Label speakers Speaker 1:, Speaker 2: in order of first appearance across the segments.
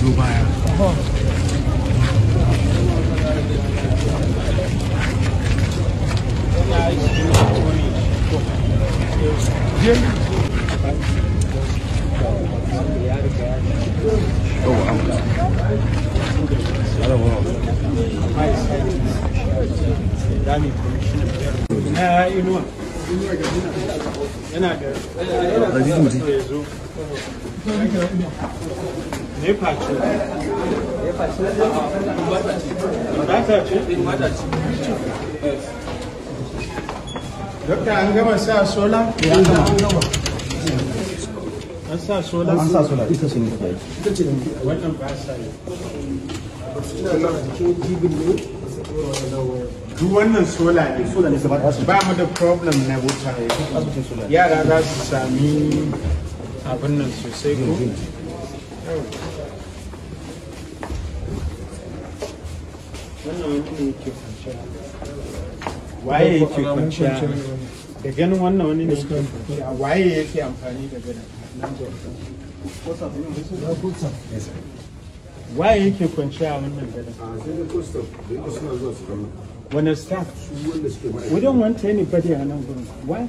Speaker 1: Zubaya. Oh, wow. I don't know. you know ne face ne face mata ce mata ce dokta an gama sa sola ya an gama an sa sola an sa sola ita ce ne ita ce wannan ba sa yi duk wannan sola ne ba mu da problem na wuta yara za su sami abin nan sosai ko waye kwanciya da ganin wannan wani ne kwanciya waye yake amfani da gadon waye yake kwanciya wannan gadon ah, wani staff wajen wanta ne bade a nan gurin why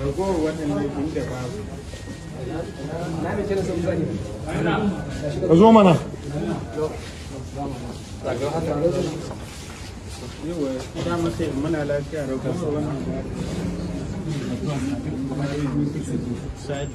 Speaker 1: ragowar waɗannan inda babu ka zo mana dama sai muna lafiya da kasu wannan Side,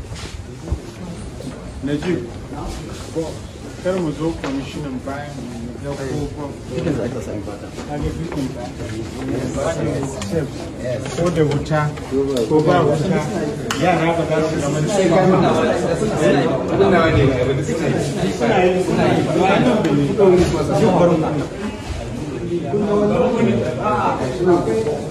Speaker 1: najib kar mu zo kwamishinan bayan mu ko da wuta ko ba wuta yara ba za su zama ne suna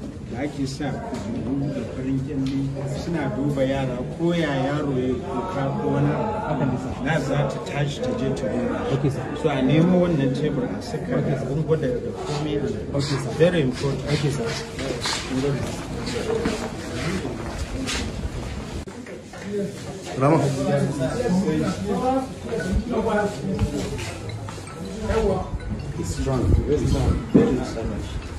Speaker 1: like ake sa kujeru da farin kyalle suna duba yara ko ya yaro ya kuka ko wani na za ta tashi ta je ta duba so a nemo wannan tebur a saka da gwada very important okay sir Rama. It's strong, very strong, very strong.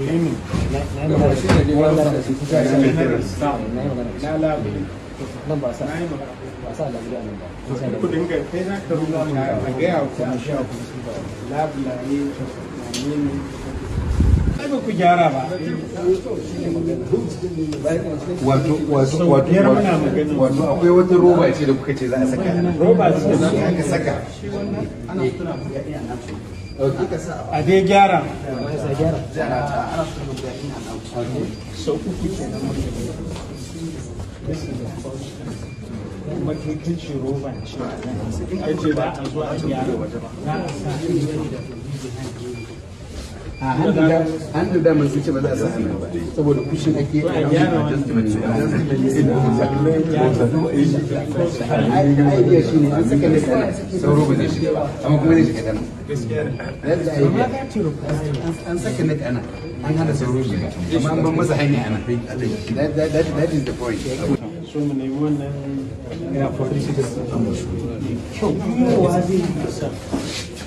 Speaker 1: wato akwai wata roba ce da kuka ce za a saka roba ce da aka saka ya iya nan a dai gyara so uku kenan makikici roban ce a ce ba a zuwa gyara na a sa a hannu da mun ce ba za su sa ba saboda kushin ake a yawon adjustment idea shi ne an saka ne kana sauro ba zai shiga ba amma kuma zai shiga dana an saka ne ana. an hada sauro shiga amma an ban masa hanya ana that is the point so wannan ya faru shi da kyau
Speaker 2: kuma wa zai
Speaker 1: yi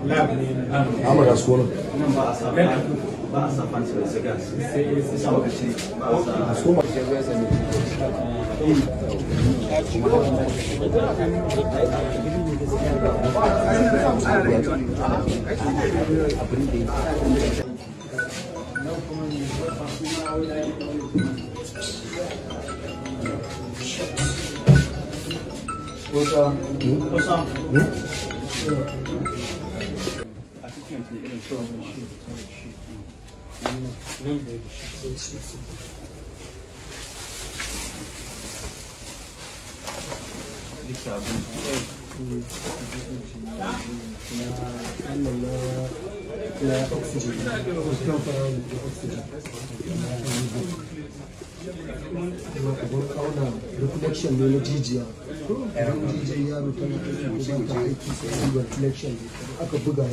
Speaker 1: Ama ah, ga skola. Ba sa fanci passa siga. passa sai sa ba shi. Ba passa, Asko ma passa gwaya 你跟说去，去去，嗯，那个，走起走起，你小子不会。na oxygen ne na jijiya
Speaker 2: idan
Speaker 1: yaro tana aiki ta aiki aka buga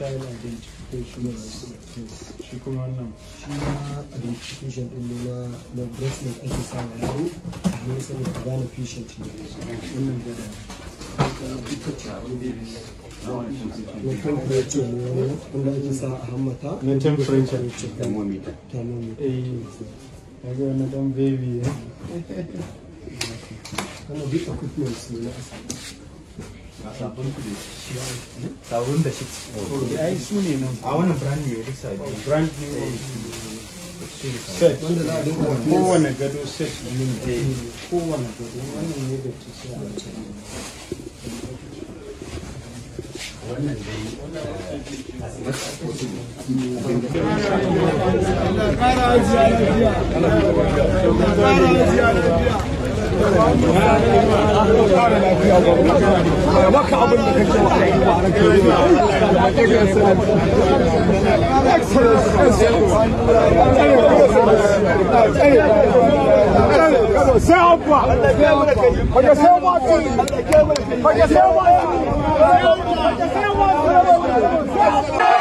Speaker 1: child identification shi kuma wannan shi ma identification din ne na na bracelet ake sa wa yaro a gane patient ne wannan gada na temperature ne wanda ake sa a hammata na temperature thermometer thermometer eh ga dan baby equipment ne na sabon ku da shi sabon da shi su ne nan a wani brand new brand new set kowane gado set ne kowane gado wannan ne da a wannan dai Você é abuwa kaje Você é kaje sai Você é sai wasu